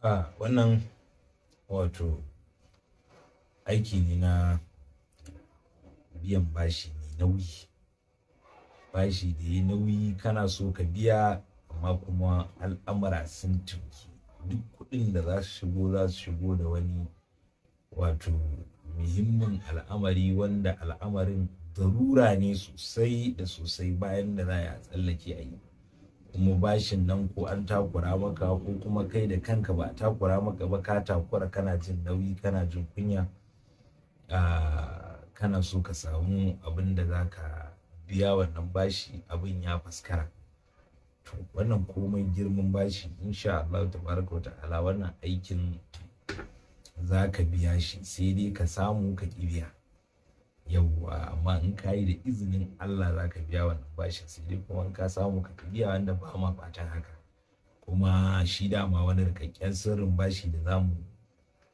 A ah, wannan wato aiki ne na biyan bashi mai nauyi. Bashi da ya nauyi kana so ka biya amma kuma al'amura sun tuki Duk kuɗin da za su shigo za su shigo da wani wato muhimmin al'amari wanda al'amarin darura ne sosai da sosai bayan da za a tsallake a yi. kuma bashin nan ko an takura maka ko kuma kai da kanka ba a takura maka ba ka takura kana jin nauyi kana jin kunya kana so ka samu abin da za ka biya wannan bashi abin ya faskara to wannan komai girman bashi insha Allah tabaraka wa ta'ala wannan aikin za ka biya shi sai dai ka samu ka kibiya. yawwa amma in ka yi da izinin Allah za ka biya wannan bashin sai dai kuma ka samu ka biya wanda ba ma fatan haka kuma shi dama wani rikakken sirrin bashi da za mu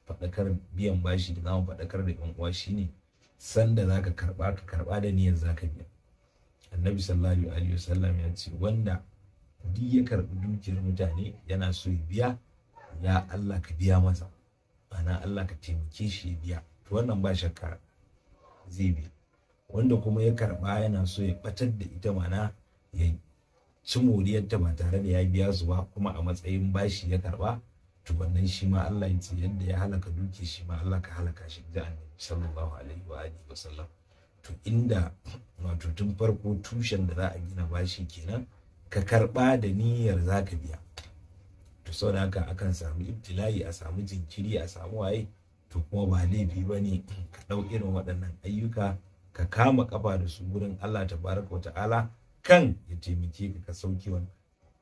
faɗakar biyan bashi da za mu faɗakar da yan uwa shine sanda za ka karɓa ka karɓa da niyyar za ka biya annabi sallallahu alaihi wasallam ya ce wanda duk ya karɓi dukiyar mutane yana so ya biya ya Allah ka biya masa ana Allah ka taimake shi ya biya to wannan ba shakka zai bi wanda kuma ya karba yana so ya batar da ita mana ya ci moriyarta ba tare da ya biya su ba kuma a matsayin bashi ya karba to wannan shi ma Allah ya ce yadda ya halaka duki shi ma Allah ka halaka shi da annabi sallallahu alaihi wa alihi wasallam to inda wato tun farko tushen da za a gina bashi kenan ka karba da niyyar zaka biya to saboda haka akan samu ibtila'i a samu jinkiri a samu waye to kuma ba laifi ba ne ka ɗau irin waɗannan ayyuka ka kama ƙafa da su wurin Allah ta baraka wa ta'ala kan ya taimake ka ka sauki wani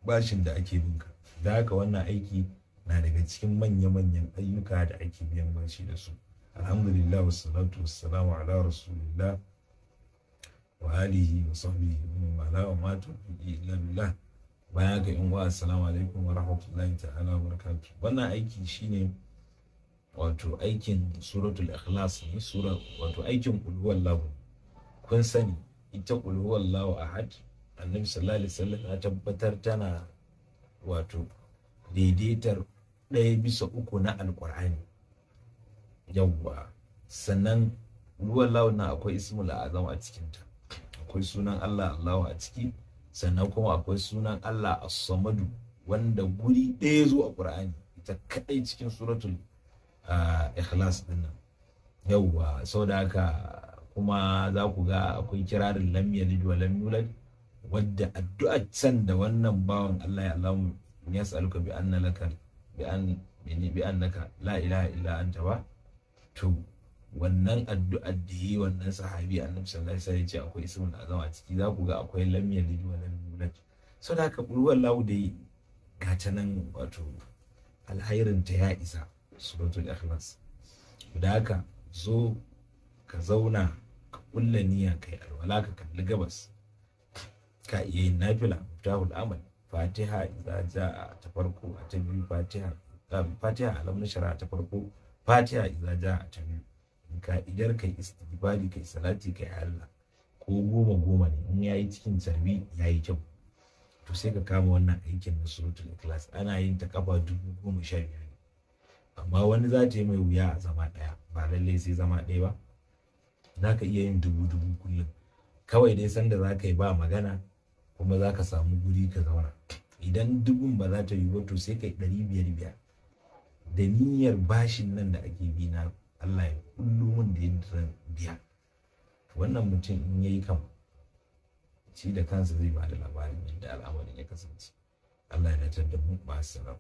bashin da ake binka da haka wannan aiki na daga cikin manya-manyan ayyuka da ake biyan bashi da su alhamdulillah wassalatu wassalamu ala bayan ga yan uwa assalamu alaikum wa rahmatullahi ta'ala wa barakatuh wannan aiki shine wato aikin suratul ikhlas ne sura wato aikin lahu kun sani ita ulhuwallahu ahad annabi sallallahu alaihi wasallam ya tabbatar tana wato daidaitar ɗaya bisa uku na alkur'ani yawwa sannan lahu na akwai ismul azam a cikinta akwai sunan Allah Allah a ciki sannan kuma akwai sunan Allah as-samadu wanda guri ɗaya zuwa qur'ani ita kadai cikin suratul ikhlas din nan sau saboda haka kuma za ku ga akwai kirarin lam yalid wa lam yulad wadda addu'a can da wannan bawan Allah ya Allah ya saluka bi anna laka bi an bi annaka la ilaha illa anta ba to wannan addu'ar da yi wannan sahabi annabi sallallahu alaihi wasallam ya ce akwai ismul azama ciki za ku ga akwai lam yalid wa lam yulad saboda haka ruwan lawu da yi gata nan wato alhairin ta ya isa suratul ikhlas da haka zo ka zauna ka kulla niyya kai alwala ka kalli gabas ka iya yin nafila mutahul amal fatiha za a ta farko a ta biyu fatiha fatiha alam na shara ta farko fatiha za a ta biyu in ka idar kai istighfari kai salati kai Allah ko goma goma ne in yayi cikin tarbi yayi kyau to sai ka kama wannan aikin na suratul ikhlas ana yin ta kafa dubu goma sha biyar. amma wani za ta yi mai wuya a zama ɗaya ba lallai sai zama ɗaya ba za ka iya yin dubu dubu kullum kawai dai sanda za ka yi ba magana kuma za ka samu guri ka zauna idan dubun ba za ta yi ba to sai ka yi ɗari biyar biyar da niyyar bashin nan da ake bi na Allah ya mun da yadda biya wannan mutum in yayi kam shi da kansa zai ba da labarin yadda al'amarin ya kasance Allah ya datar da mu ba salam